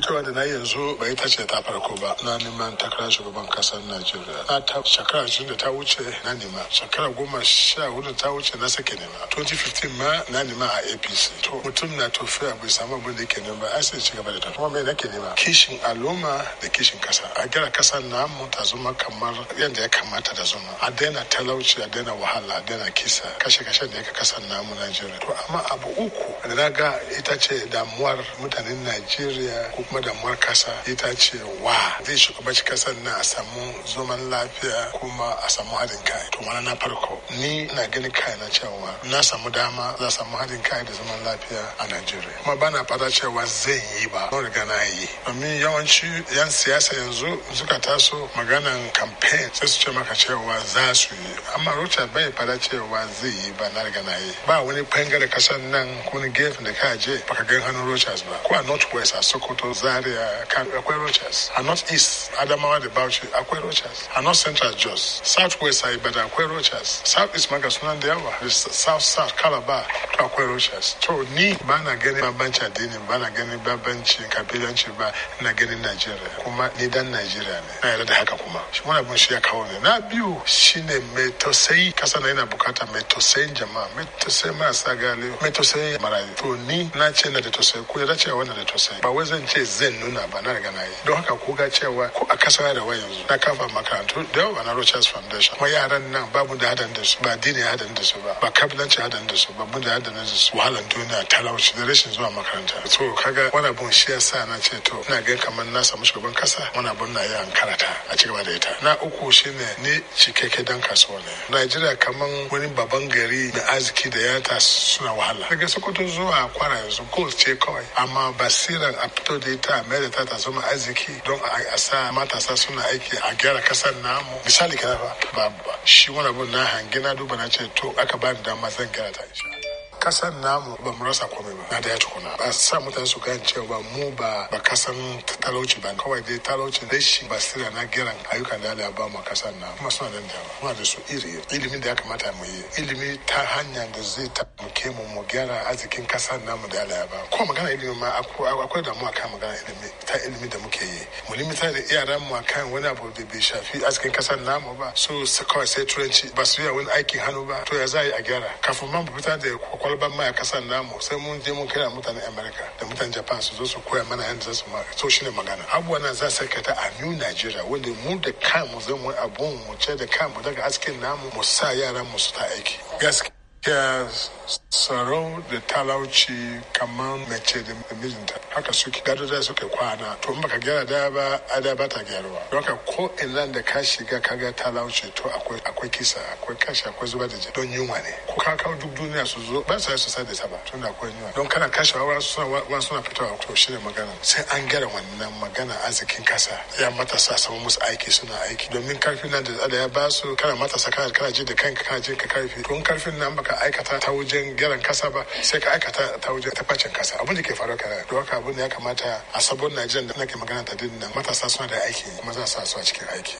fitowa da na yanzu ba ita ce ta farko ba na neman shugaban kasar najeriya na ta shekara ashirin da ta wuce na nema shekara goma sha hudu ta wuce na sake nema 2015 ma na nema a apc to mutum na tafiya bai samu abin da yake nema ai sai ci gaba da tafiya kuma mai nake nema kishin al'umma da kishin kasa a gyara kasar namu ta zama kamar yadda ya kamata da zama a daina talauci a daina wahala a daina kisa kashe-kashe da yake kasar namu najeriya to amma abu uku da na ga ita ce damuwar mutanen najeriya ko kuma damuwar kasa ita ce wa zai shugabanci kasar na a samu zaman lafiya kuma a samu haɗin kai to mana na farko ni na gani kai na cewa na samu dama za samu haɗin kai da zaman lafiya a najeriya kuma bana na fata cewa zai yi ba don riga na yi domin yawanci yan siyasa yanzu suka taso maganan campaign sai su ce maka cewa za su yi amma rocha bai fata cewa zai yi ba na riga na yi ba wani bangare kasar nan ko gefe da ka je baka gan hannun rochas ba ko a north west a sokoto Zaria, uh, Akwa Rochas, and not East, Adamawa, the Bauchi, Akwa Rochas, and not Central Jos, Southwest, Ibadan, Akwa South East Magasunan, Dewa, South South, Calabar, to Akwa Rochas. So, ni bana gani babanci addinin bana gani babanci kabilanci ba na ganin Najeriya kuma ni dan Najeriya ne na yarda da haka kuma shi wani abin shi ya kawo ne na biyu shine mai tausayi kasa na yana bukata mai tausayin jama'a mai tausayin marasa galiyo mai tausayin marayu to ni na ce na da tausayi ko ya dace wannan da tausayi ba wai zan ce ce zai nuna ba na riga na yi don haka ko ga cewa ko a kasa da yanzu na kafa makarantu da yawa na Rochas Foundation kuma yaran nan babu da hadan da su ba dini hadan da su ba ba kabilanci hadan da su ba mun da hadan da su wahalan duniya talauci da rashin zuwa makaranta so kaga wani abun shi yasa na ce to ina ga kamar na samu shugaban kasa wani abun na yi karata a ci gaba da ita na uku shine ni cikakke dan kasuwa ne Najeriya kamar wani babban gari da arziki da yata suna wahala daga Sokoto zuwa Kwara yanzu gold ce kawai amma basiran a fito da dai ta mai da ta taso mu arziki don a sa matasa suna aiki a gyara kasar namu misali kana ba ba shi wani abu na hangi na duba na ce to aka ba ni dama zan gyara ta insha kasan namu ba mu rasa komai ba na da ya tukuna ba sa mutane su gane cewa mu ba ba kasan talauci ba kawai dai talauci rashin basira na giran ayyukan da ba mu kasan na kuma suna nan da yawa da su iri ilimi da ya kamata mu yi ilimi ta hanya da zai taimake mu mu gyara arzikin kasan namu da ya ba ko magana ilimi ma akwai a kan magana ilimi ta ilimi da muke yi mu limita da yaran mu kan wani abu da bai shafi arzikin kasan namu ba so kawai sai turanci ba su yi wani aikin hannu ba to ya za a yi a gyara kafin man fita da kwakwa kwalban mai a kasan namu sai mun je mun kira mutanen america da mutanen japan su zo su koya mana yadda za su so ne magana abubuwan nan za su kata a new nigeria wanda mu da kanmu zai mu abun mu ce da kanmu daga askin namu mu sa yaran mu su ta aiki gaskiya ya tsaro da talauci kamar mace da mijinta haka suke gado da suke kwana to in baka gyara da ba ada ba ta gyaruwa don ka ko ina da ka shiga ka ga talauci to akwai kisa akwai kashi akwai zuba da jini don yunwa ne ko ka kawo duk duniya su zo ba sa su sa da saba tun da akwai yunwa don kana kashi wa wasu suna fitowa to shi ne magana sai an gyara wannan magana arzikin kasa ya matasa samu musu aiki suna aiki domin karfin nan da ya ba su kana matasa kana ji da kanka kana ji ka karfi don karfin nan baka ka aikata ta wajen gyaran kasa ba sai ka aikata ta wajen tafacin kasa abin da ke faru ka da haka abin da ya kamata a sabon najeriya da nake magana ta dinnan matasa suna da aiki kuma za sa su a cikin aiki